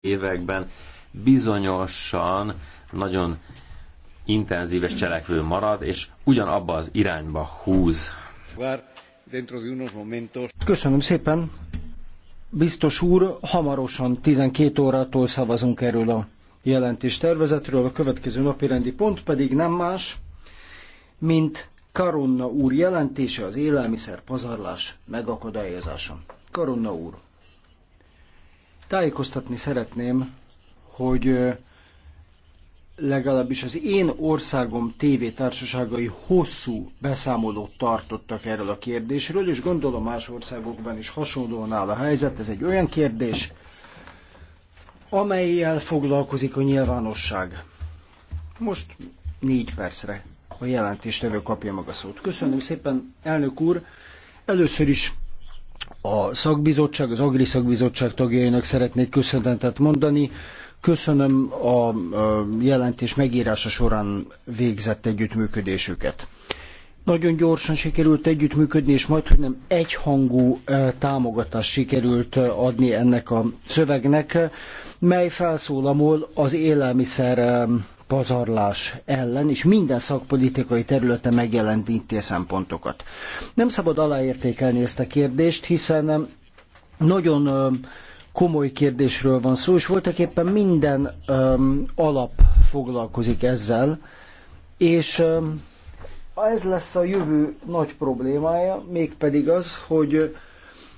években bizonyosan nagyon intenzíves cselekvő marad, és ugyanabba az irányba húz. Köszönöm szépen. Biztos úr, hamarosan 12 órától szavazunk erről a jelentés tervezetről, a következő napi rendi pont pedig nem más, mint Karonna úr jelentése az élelmiszer pazarlás megakadályozása. Karonna úr, Tájékoztatni szeretném, hogy legalábbis az én országom tévétársaságai hosszú beszámolót tartottak erről a kérdésről, és gondolom más országokban is hasonlóan áll a helyzet. Ez egy olyan kérdés, amelyel foglalkozik a nyilvánosság. Most négy percre a jelentéstevő kapja maga szót. Köszönöm szépen, elnök úr! Először is a szakbizottság, az Agri Szakbizottság tagjainak szeretnék köszönetet mondani. Köszönöm a jelentés megírása során végzett együttműködésüket. Nagyon gyorsan sikerült együttműködni, és majd, hogy nem egyhangú e, támogatást sikerült e, adni ennek a szövegnek, mely felszólamol az élelmiszer e, pazarlás ellen, és minden szakpolitikai területen megjelent szempontokat. Nem szabad aláértékelni ezt a kérdést, hiszen um, nagyon um, komoly kérdésről van szó, és voltak éppen minden um, alap foglalkozik ezzel, és um, ez lesz a jövő nagy problémája, mégpedig az, hogy um,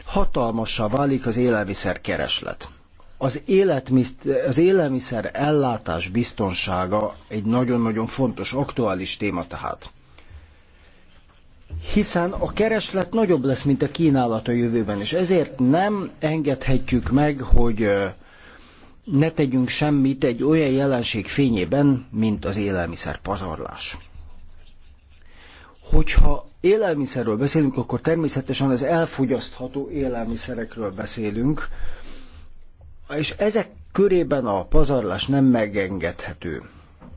hatalmassá válik az élelmiszer kereslet. Az, az élelmiszer ellátás biztonsága egy nagyon-nagyon fontos, aktuális téma tehát. Hiszen a kereslet nagyobb lesz, mint a kínálat a jövőben, és ezért nem engedhetjük meg, hogy ne tegyünk semmit egy olyan jelenség fényében, mint az élelmiszer pazarlás. Hogyha élelmiszerről beszélünk, akkor természetesen az elfogyasztható élelmiszerekről beszélünk, és ezek körében a pazarlás nem megengedhető.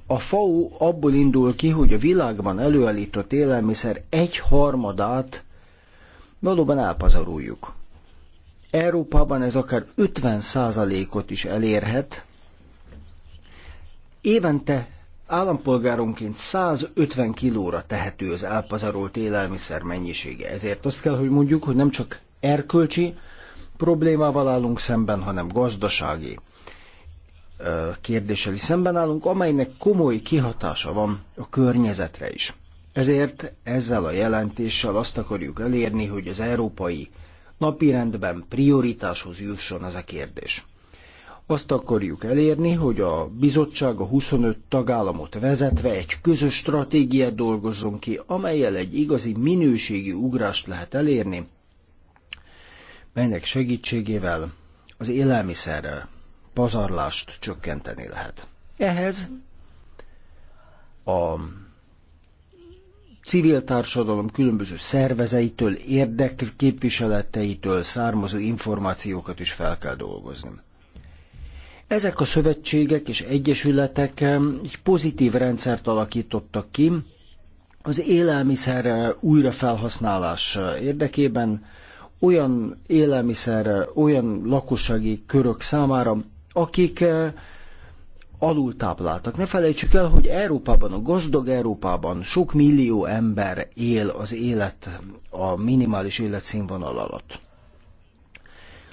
A FAO abból indul ki, hogy a világban előállított élelmiszer egy harmadát valóban elpazaruljuk. Európában ez akár 50%-ot is elérhet. Évente állampolgáronként 150 kilóra tehető az elpazarolt élelmiszer mennyisége. Ezért azt kell, hogy mondjuk, hogy nem csak erkölcsi, problémával állunk szemben, hanem gazdasági kérdéssel is szemben állunk, amelynek komoly kihatása van a környezetre is. Ezért ezzel a jelentéssel azt akarjuk elérni, hogy az európai napirendben prioritáshoz jusson ez a kérdés. Azt akarjuk elérni, hogy a bizottság a 25 tagállamot vezetve egy közös stratégiát dolgozzon ki, amelyel egy igazi minőségi ugrást lehet elérni melynek segítségével az élelmiszerrel pazarlást csökkenteni lehet. Ehhez a civil társadalom különböző szervezeitől, érdekképviseleteitől származó információkat is fel kell dolgozni. Ezek a szövetségek és egyesületek egy pozitív rendszert alakítottak ki az élelmiszer újrafelhasználás érdekében, olyan élelmiszerre, olyan lakossági körök számára, akik eh, alultápláltak. Ne felejtsük el, hogy Európában, a gazdag Európában sok millió ember él az élet, a minimális életszínvonal alatt.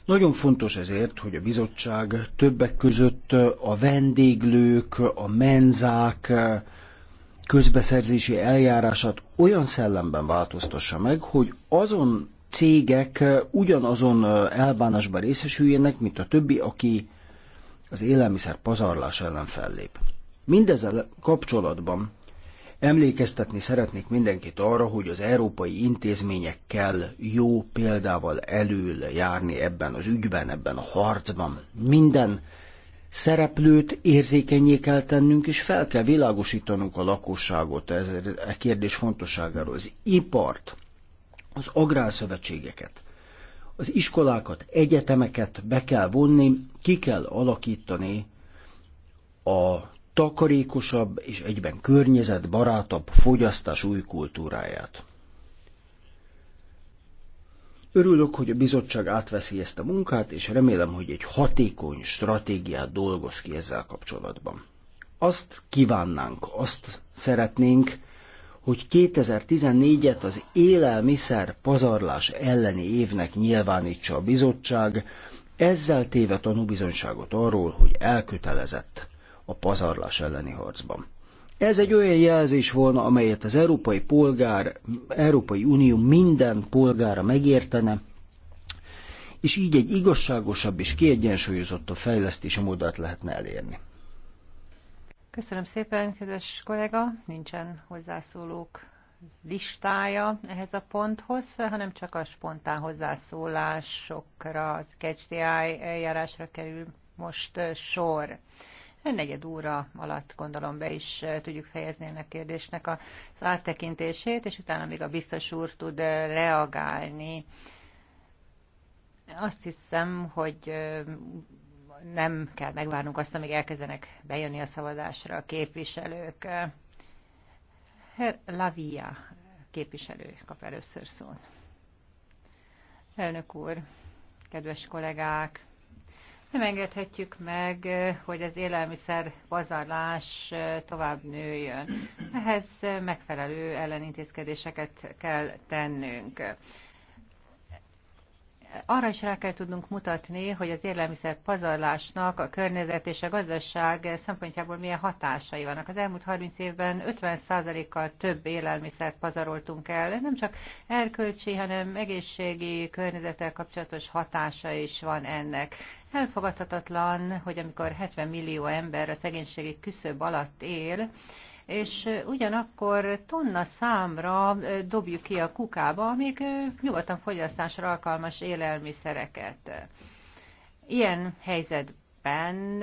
Nagyon fontos ezért, hogy a bizottság többek között eh, a vendéglők, a menzák eh, közbeszerzési eljárását olyan szellemben változtassa meg, hogy azon cégek ugyanazon elbánásban részesüljenek, mint a többi, aki az élelmiszer pazarlás ellen fellép. Mindezzel kapcsolatban emlékeztetni szeretnék mindenkit arra, hogy az európai intézményekkel jó példával elől járni ebben az ügyben, ebben a harcban. Minden szereplőt érzékenyé kell tennünk, és fel kell világosítanunk a lakosságot ez, a e kérdés fontosságáról. Az ipart, az agrárszövetségeket. Az iskolákat, egyetemeket be kell vonni, ki kell alakítani a takarékosabb és egyben környezetbarátabb fogyasztás új kultúráját. Örülök, hogy a bizottság átveszi ezt a munkát, és remélem, hogy egy hatékony stratégiát dolgoz ki ezzel kapcsolatban. Azt kívánnánk, azt szeretnénk, hogy 2014-et az élelmiszer pazarlás elleni évnek nyilvánítsa a bizottság, ezzel téve tanúbizonyságot arról, hogy elkötelezett a pazarlás elleni harcban. Ez egy olyan jelzés volna, amelyet az európai polgár, Európai Unió minden polgára megértene, és így egy igazságosabb és kiegyensúlyozottabb fejlesztési modellt lehetne elérni. Köszönöm szépen, kedves kollega. Nincsen hozzászólók listája ehhez a ponthoz, hanem csak a spontán hozzászólásokra, az KCTI eljárásra kerül most eh, sor. Negyed óra alatt gondolom be is eh, tudjuk fejezni ennek a kérdésnek az áttekintését, és utána még a biztos úr tud eh, reagálni. Azt hiszem, hogy nem kell megvárnunk azt, amíg elkezdenek bejönni a szavazásra a képviselők. Herr Lavia képviselő kap először szót. Elnök úr, kedves kollégák, nem engedhetjük meg, hogy az élelmiszer pazarlás tovább nőjön. Ehhez megfelelő ellenintézkedéseket kell tennünk arra is rá kell tudnunk mutatni, hogy az élelmiszer pazarlásnak a környezet és a gazdaság szempontjából milyen hatásai vannak. Az elmúlt 30 évben 50%-kal több élelmiszert pazaroltunk el. Nem csak erkölcsi, hanem egészségi környezettel kapcsolatos hatása is van ennek. Elfogadhatatlan, hogy amikor 70 millió ember a szegénységi küszöb alatt él, és ugyanakkor tonna számra dobjuk ki a kukába, amíg nyugodtan fogyasztásra alkalmas élelmiszereket. Ilyen helyzetben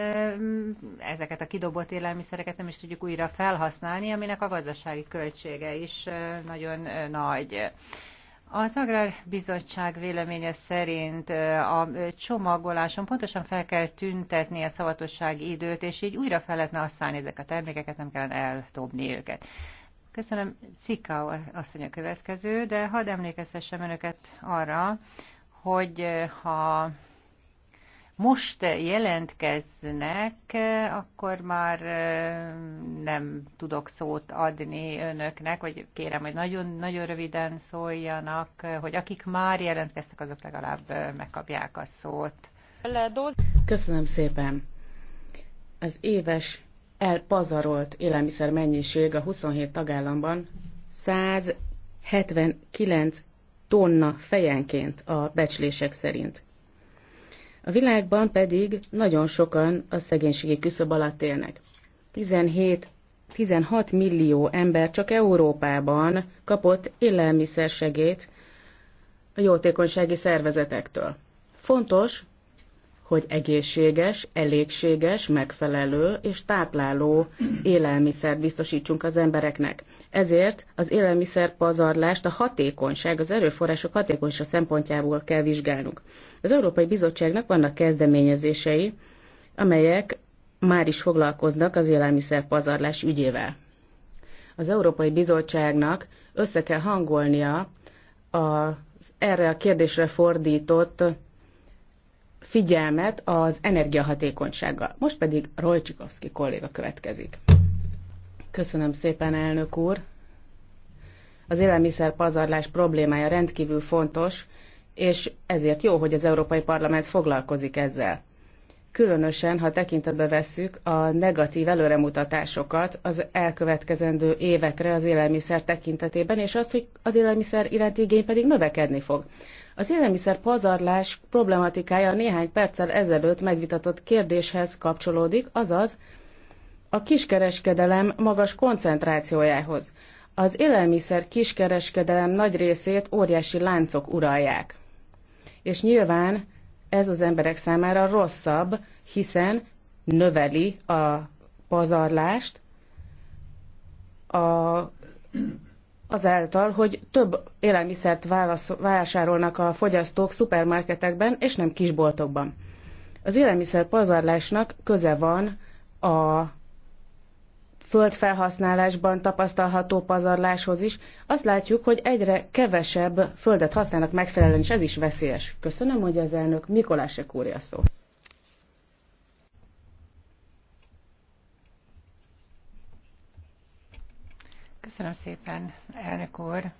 ezeket a kidobott élelmiszereket nem is tudjuk újra felhasználni, aminek a gazdasági költsége is nagyon nagy. Az Agrárbizottság véleménye szerint a csomagoláson pontosan fel kell tüntetni a szavatossági időt, és így újra fel lehetne használni ezeket a termékeket, nem kellene eldobni őket. Köszönöm, Cika asszony a következő, de hadd emlékeztessem önöket arra, hogy ha most jelentkeznek, akkor már nem tudok szót adni önöknek, vagy kérem, hogy nagyon, nagyon röviden szóljanak, hogy akik már jelentkeztek, azok legalább megkapják a szót. Köszönöm szépen. Az éves elpazarolt élelmiszer mennyiség a 27 tagállamban 179 tonna fejenként a becslések szerint. A világban pedig nagyon sokan a szegénységi küszöb alatt élnek. 17 16 millió ember csak Európában kapott élelmiszersegét a jótékonysági szervezetektől. Fontos, hogy egészséges, elégséges, megfelelő és tápláló élelmiszer biztosítsunk az embereknek. Ezért az élelmiszer pazarlást a hatékonyság, az erőforrások hatékonyság szempontjából kell vizsgálnunk. Az Európai Bizottságnak vannak kezdeményezései, amelyek már is foglalkoznak az élelmiszer pazarlás ügyével. Az Európai Bizottságnak össze kell hangolnia az erre a kérdésre fordított figyelmet az energiahatékonysággal. Most pedig Rolcsikovszki kolléga következik. Köszönöm szépen, elnök úr! Az élelmiszer pazarlás problémája rendkívül fontos, és ezért jó, hogy az Európai Parlament foglalkozik ezzel. Különösen, ha tekintetbe vesszük a negatív előremutatásokat az elkövetkezendő évekre az élelmiszer tekintetében, és azt, hogy az élelmiszer iránti igény pedig növekedni fog. Az élelmiszer pazarlás problematikája néhány perccel ezelőtt megvitatott kérdéshez kapcsolódik, azaz a kiskereskedelem magas koncentrációjához. Az élelmiszer kiskereskedelem nagy részét óriási láncok uralják. És nyilván ez az emberek számára rosszabb, hiszen növeli a pazarlást, a azáltal, hogy több élelmiszert válasz, vásárolnak a fogyasztók szupermarketekben és nem kisboltokban. Az élelmiszer pazarlásnak köze van a földfelhasználásban tapasztalható pazarláshoz is. Azt látjuk, hogy egyre kevesebb földet használnak megfelelően, és ez is veszélyes. Köszönöm, hogy az elnök szó. Köszönöm szépen, elnök úr.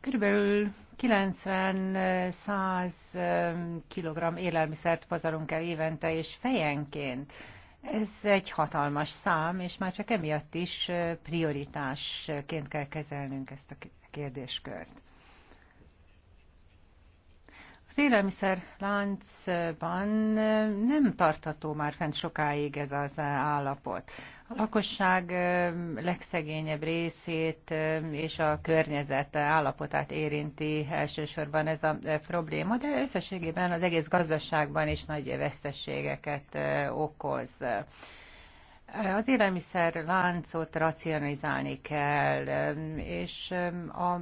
Körülbelül 90-100 kg élelmiszert pazarunk el évente, és fejenként. Ez egy hatalmas szám, és már csak emiatt is prioritásként kell kezelnünk ezt a kérdéskört élelmiszerláncban eh, nem tartható már fent sokáig ez az eh, állapot. A lakosság eh, legszegényebb részét és a környezet állapotát érinti elsősorban ez a probléma, de összességében az egész gazdaságban is nagy veszteségeket okoz. Az élelmiszer láncot racionalizálni kell, és um, a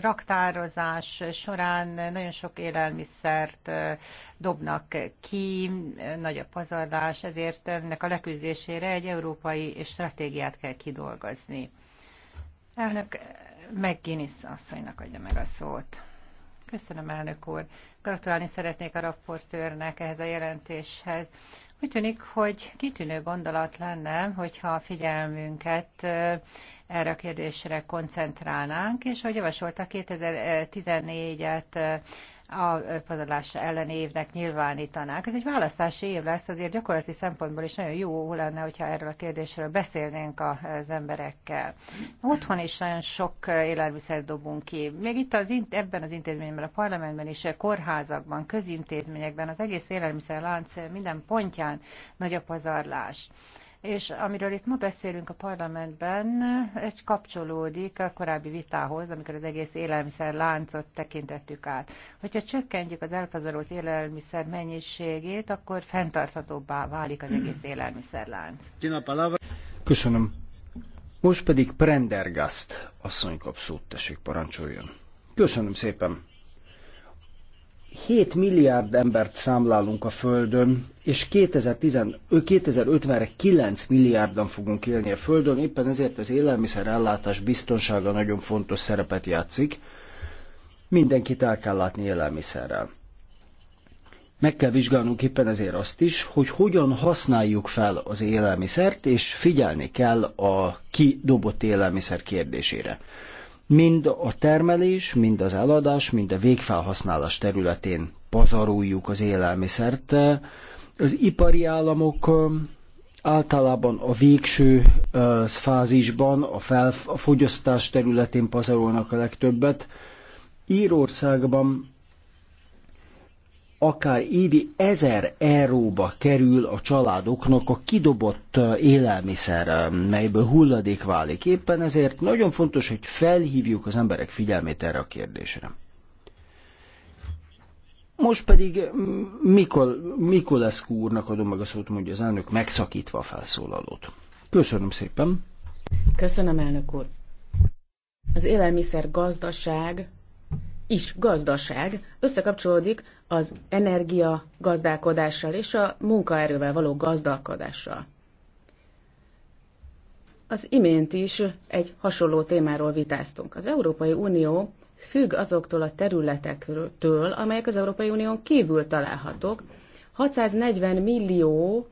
raktározás során nagyon sok élelmiszert uh, dobnak ki, nagy a pazarlás, ezért ennek a leküzdésére egy európai stratégiát kell kidolgozni. Elnök McGuinness asszonynak adja meg a szót. Köszönöm, elnök úr. Gratulálni szeretnék a raportőrnek ehhez a jelentéshez. Úgy tűnik, hogy kitűnő gondolat lenne, hogyha a figyelmünket erre a kérdésre koncentrálnánk, és ahogy javasolta 2014-et a pazarlás elleni évnek nyilvánítanák. Ez egy választási év lesz, azért gyakorlati szempontból is nagyon jó lenne, hogyha erről a kérdésről beszélnénk az emberekkel. Otthon is nagyon sok élelmiszert dobunk ki. Még itt az, ebben az intézményben, a parlamentben is, kórházakban, közintézményekben, az egész élelmiszerlánc minden pontján nagy a pazarlás és amiről itt ma beszélünk a parlamentben, egy kapcsolódik a korábbi vitához, amikor az egész élelmiszer láncot tekintettük át. Hogyha csökkentjük az elpazarolt élelmiszer mennyiségét, akkor fenntarthatóbbá válik az egész élelmiszerlánc. Köszönöm. Most pedig Prendergast asszony kap szót, tessék parancsoljon. Köszönöm szépen. 7 milliárd embert számlálunk a Földön, és 2050-re 9 milliárdan fogunk élni a Földön, éppen ezért az élelmiszerellátás biztonsága nagyon fontos szerepet játszik. Mindenkit el kell látni élelmiszerrel. Meg kell vizsgálnunk éppen ezért azt is, hogy hogyan használjuk fel az élelmiszert, és figyelni kell a kidobott élelmiszer kérdésére mind a termelés, mind az eladás, mind a végfelhasználás területén pazaroljuk az élelmiszert. Az ipari államok általában a végső fázisban, a, a fogyasztás területén pazarolnak a legtöbbet. Írországban akár évi ezer euróba kerül a családoknak a kidobott élelmiszer, melyből hulladék válik. Éppen ezért nagyon fontos, hogy felhívjuk az emberek figyelmét erre a kérdésre. Most pedig Mikol, Mikolescu úrnak adom meg a szót, mondja az elnök, megszakítva a felszólalót. Köszönöm szépen. Köszönöm, elnök úr. Az élelmiszer gazdaság is gazdaság összekapcsolódik az energia gazdálkodással és a munkaerővel való gazdálkodással. Az imént is egy hasonló témáról vitáztunk. Az Európai Unió függ azoktól a területektől, amelyek az Európai Unión kívül találhatók. 640 millió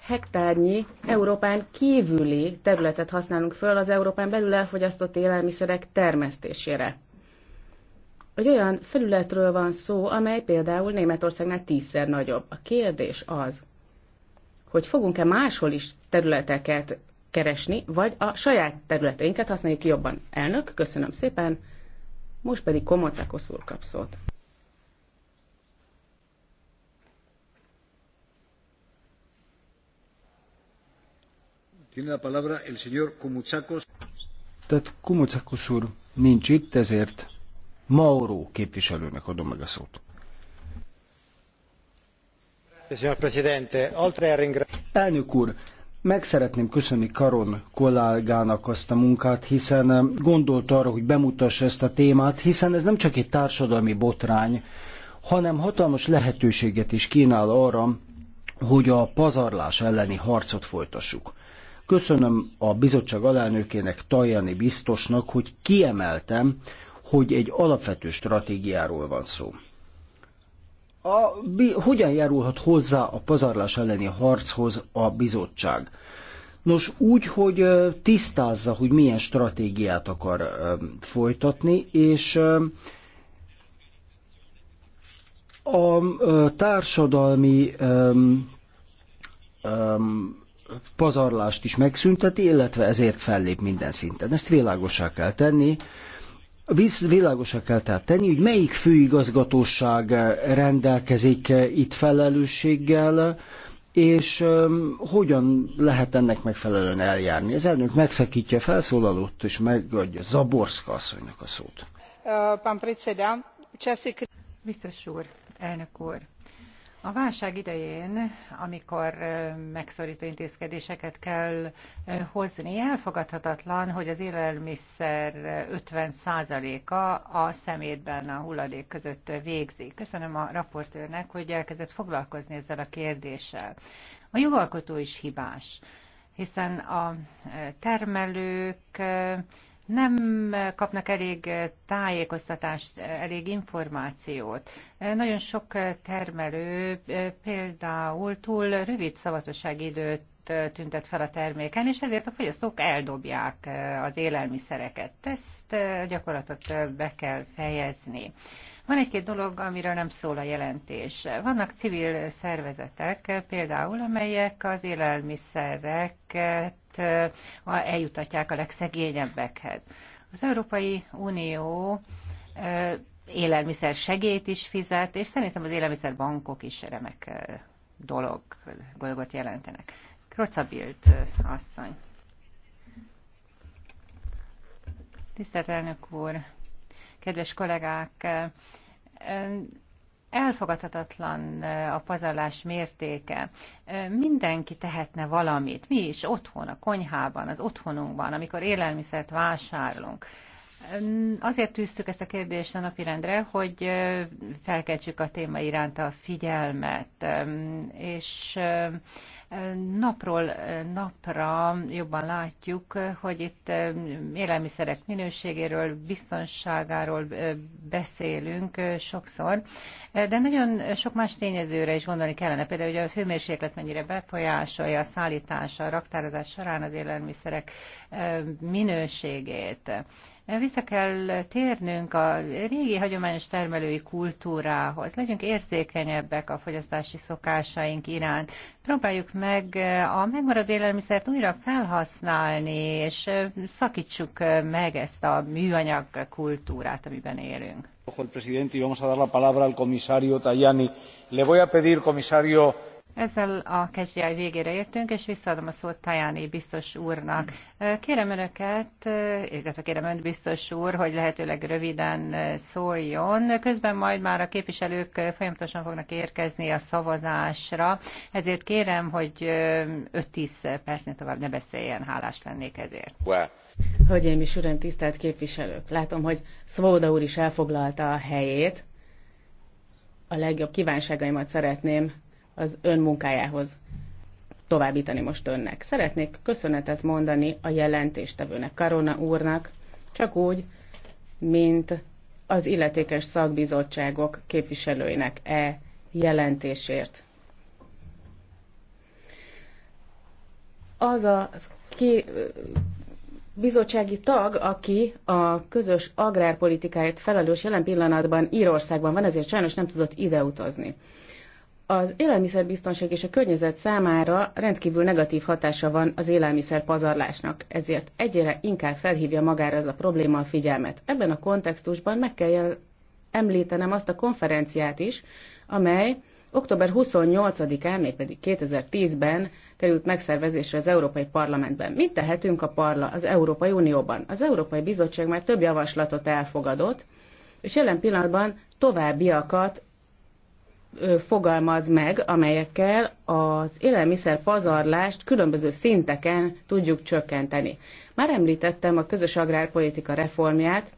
hektárnyi Európán kívüli területet használunk föl az Európán belül elfogyasztott élelmiszerek termesztésére egy olyan felületről van szó, amely például Németországnál tízszer nagyobb. A kérdés az, hogy fogunk-e máshol is területeket keresni, vagy a saját területeinket használjuk jobban. Elnök, köszönöm szépen, most pedig Komocákos úr kap szót. Tiene la palabra el señor Kumutsakos. Tehát Kumutsakos úr nincs itt, ezért Mauro képviselőnek adom meg a szót. Elnök úr, meg szeretném köszönni Karon kollégának azt a munkát, hiszen um, gondolt arra, hogy bemutassa ezt a témát, hiszen ez nem csak egy társadalmi botrány, hanem hatalmas lehetőséget is kínál arra, hogy a pazarlás elleni harcot folytassuk. Köszönöm a bizottság alelnökének, Tajani biztosnak, hogy kiemeltem, hogy egy alapvető stratégiáról van szó. A, bi, hogyan járulhat hozzá a pazarlás elleni harchoz a bizottság? Nos, úgy, hogy tisztázza, hogy milyen stratégiát akar folytatni, és a társadalmi pazarlást is megszünteti, illetve ezért fellép minden szinten. Ezt világosá kell tenni, világosá kell tehát tenni, hogy melyik főigazgatóság eh, rendelkezik eh, itt felelősséggel, és um, hogyan lehet ennek megfelelően eljárni. Az elnök megszakítja a felszólalót, és megadja Zaborszka asszonynak a szót. Pán predseda, Biztos úr, elnök úr, a válság idején, amikor megszorító intézkedéseket kell hozni, elfogadhatatlan, hogy az élelmiszer 50%-a a szemétben, a hulladék között végzi. Köszönöm a raportőrnek, hogy elkezdett foglalkozni ezzel a kérdéssel. A jogalkotó is hibás, hiszen a termelők nem kapnak elég tájékoztatást, elég információt. Nagyon sok termelő például túl rövid szavatossági időt tüntet fel a terméken, és ezért a fogyasztók eldobják az élelmiszereket. Ezt a gyakorlatot be kell fejezni. Van egy-két dolog, amiről nem szól a jelentés. Vannak civil szervezetek például, amelyek az élelmiszereket Hát, eljutatják a legszegényebbekhez. Az Európai Unió élelmiszer segélyt is fizet, és szerintem az élelmiszerbankok is remek dolog, dolgot jelentenek. Krocabilt asszony. Tisztelt elnök úr, kedves kollégák, elfogadhatatlan a pazarlás mértéke. Mindenki tehetne valamit. Mi is otthon, a konyhában, az otthonunkban, amikor élelmiszert vásárolunk. Azért tűztük ezt a kérdést a napirendre, hogy felkeltsük a téma iránt a figyelmet, és napról eh, napra jobban látjuk, eh, hogy itt eh, élelmiszerek minőségéről, biztonságáról beszélünk sokszor, de nagyon sok más tényezőre is gondolni kellene, például, hogy a hőmérséklet mennyire befolyásolja a szállítása, a raktározás során az élelmiszerek minőségét. Vissza kell térnünk a régi hagyományos termelői kultúrához. Legyünk érzékenyebbek a fogyasztási szokásaink iránt. Próbáljuk meg a megmaradó élelmiszert újra felhasználni, és szakítsuk meg ezt a műanyag kultúrát, amiben élünk. Ojo el presidente y vamos a dar la palabra al comisario Tajani. Le voy a pedir, comisario ezzel a kezdjáj végére értünk, és visszaadom a szót Tajáni biztos úrnak. Kérem önöket, illetve kérem önt biztos úr, hogy lehetőleg röviden szóljon. Közben majd már a képviselők folyamatosan fognak érkezni a szavazásra, ezért kérem, hogy 5-10 percnél tovább ne beszéljen, hálás lennék ezért. Well. Hölgyeim és uram, tisztelt képviselők! Látom, hogy Szvóda úr is elfoglalta a helyét. A legjobb kívánságaimat szeretném az ön munkájához továbbítani most önnek. Szeretnék köszönetet mondani a jelentéstevőnek, Karona úrnak, csak úgy, mint az illetékes szakbizottságok képviselőinek e jelentésért. Az a ki, bizottsági tag, aki a közös agrárpolitikáért felelős jelen pillanatban Írországban van, ezért sajnos nem tudott ide utazni az élelmiszerbiztonság és a környezet számára rendkívül negatív hatása van az élelmiszer pazarlásnak, ezért egyre inkább felhívja magára ez a probléma a figyelmet. Ebben a kontextusban meg kell említenem azt a konferenciát is, amely október 28-án, mégpedig 2010-ben került megszervezésre az Európai Parlamentben. Mit tehetünk a parla az Európai Unióban? Az Európai Bizottság már több javaslatot elfogadott, és jelen pillanatban továbbiakat fogalmaz meg, amelyekkel az élelmiszer pazarlást különböző szinteken tudjuk csökkenteni. Már említettem a közös agrárpolitika reformját,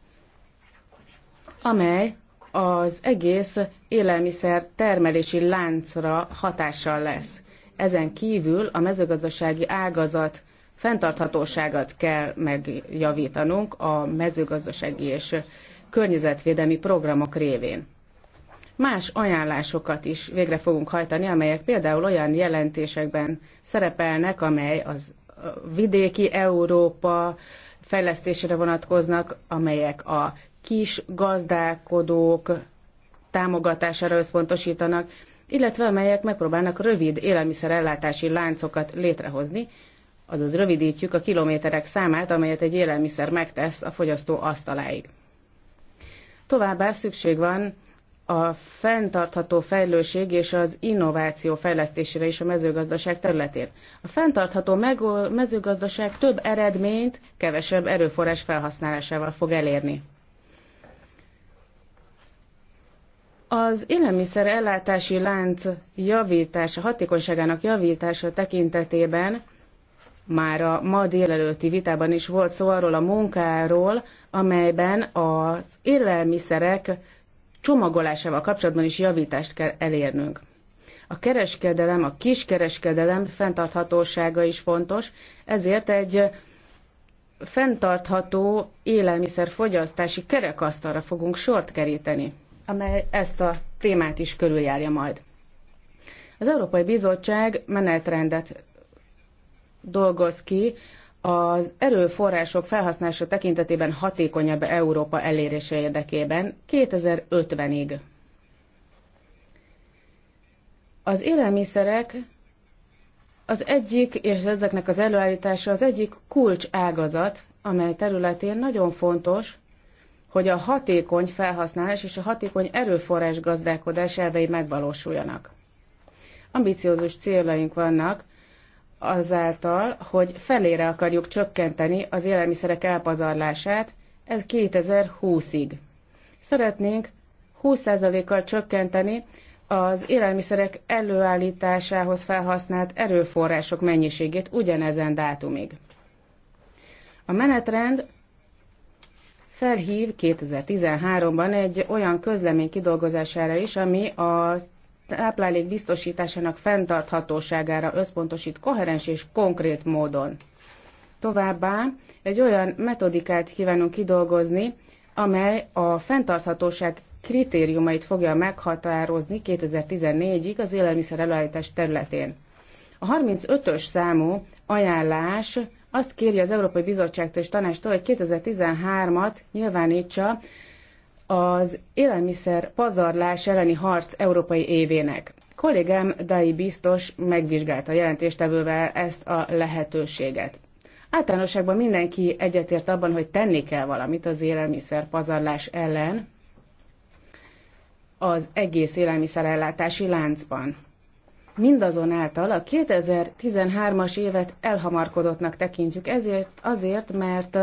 amely az egész élelmiszer termelési láncra hatással lesz. Ezen kívül a mezőgazdasági ágazat fenntarthatóságát kell megjavítanunk a mezőgazdasági és környezetvédelmi programok révén más ajánlásokat is végre fogunk hajtani, amelyek például olyan jelentésekben szerepelnek, amely az vidéki Európa fejlesztésére vonatkoznak, amelyek a kis gazdálkodók támogatására összpontosítanak, illetve amelyek megpróbálnak rövid élelmiszerellátási láncokat létrehozni, azaz rövidítjük a kilométerek számát, amelyet egy élelmiszer megtesz a fogyasztó asztaláig. Továbbá szükség van a fenntartható fejlőség és az innováció fejlesztésére is a mezőgazdaság területén. A fenntartható mezőgazdaság több eredményt kevesebb erőforrás felhasználásával fog elérni. Az élelmiszer ellátási lánc javítása, hatékonyságának javítása tekintetében már a ma délelőtti vitában is volt szó arról a munkáról, amelyben az élelmiszerek csomagolásával kapcsolatban is javítást kell elérnünk. A kereskedelem, a kiskereskedelem fenntarthatósága is fontos, ezért egy fenntartható élelmiszerfogyasztási kerekasztalra fogunk sort keríteni, amely ezt a témát is körüljárja majd. Az Európai Bizottság menetrendet dolgoz ki az erőforrások felhasználása tekintetében hatékonyabb Európa elérése érdekében 2050-ig. Az élelmiszerek az egyik, és ezeknek az előállítása az egyik kulcs ágazat, amely területén nagyon fontos, hogy a hatékony felhasználás és a hatékony erőforrás gazdálkodás elvei megvalósuljanak. Ambiciózus céljaink vannak azáltal, hogy felére akarjuk csökkenteni az élelmiszerek elpazarlását, ez 2020-ig. Szeretnénk 20%-kal csökkenteni az élelmiszerek előállításához felhasznált erőforrások mennyiségét ugyanezen dátumig. A menetrend felhív 2013-ban egy olyan közlemény kidolgozására is, ami az táplálék biztosításának fenntarthatóságára összpontosít koherens és konkrét módon. Továbbá egy olyan metodikát kívánunk kidolgozni, amely a fenntarthatóság kritériumait fogja meghatározni 2014-ig az élelmiszer előállítás területén. A 35-ös számú ajánlás azt kéri az Európai Bizottságtól és Tanástól, hogy 2013-at nyilvánítsa az élelmiszer pazarlás elleni harc európai évének. Kollégám Dai biztos megvizsgálta jelentéstevővel ezt a lehetőséget. Általánosságban mindenki egyetért abban, hogy tenni kell valamit az élelmiszer pazarlás ellen az egész élelmiszerellátási láncban. Mindazonáltal a 2013-as évet elhamarkodottnak tekintjük ezért, azért, mert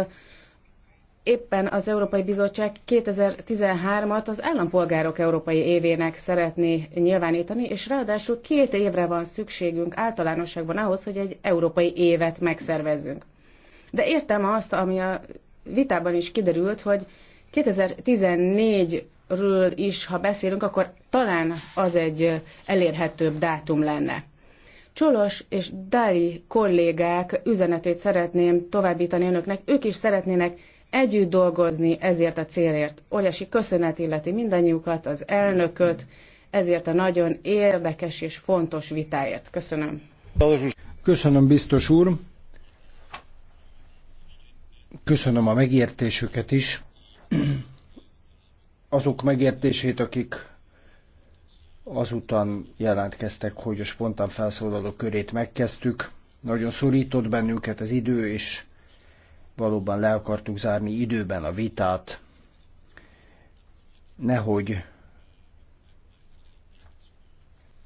éppen az Európai Bizottság 2013-at az állampolgárok európai évének szeretné nyilvánítani, és ráadásul két évre van szükségünk általánosságban ahhoz, hogy egy európai évet megszervezzünk. De értem azt, ami a vitában is kiderült, hogy 2014-ről is, ha beszélünk, akkor talán az egy elérhetőbb dátum lenne. Csolos és Dali kollégák üzenetét szeretném továbbítani önöknek. Ők is szeretnének együtt dolgozni ezért a célért. Óriási köszönet illeti mindannyiukat, az elnököt, ezért a nagyon érdekes és fontos vitáért. Köszönöm. Köszönöm, biztos úr. Köszönöm a megértésüket is. Azok megértését, akik azután jelentkeztek, hogy a spontán felszólaló körét megkezdtük. Nagyon szorított bennünket az idő, és valóban le akartuk zárni időben a vitát, nehogy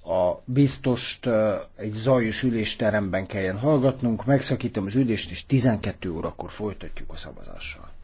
a biztost egy zajos ülésteremben kelljen hallgatnunk, megszakítom az ülést, és 12 órakor folytatjuk a szavazással.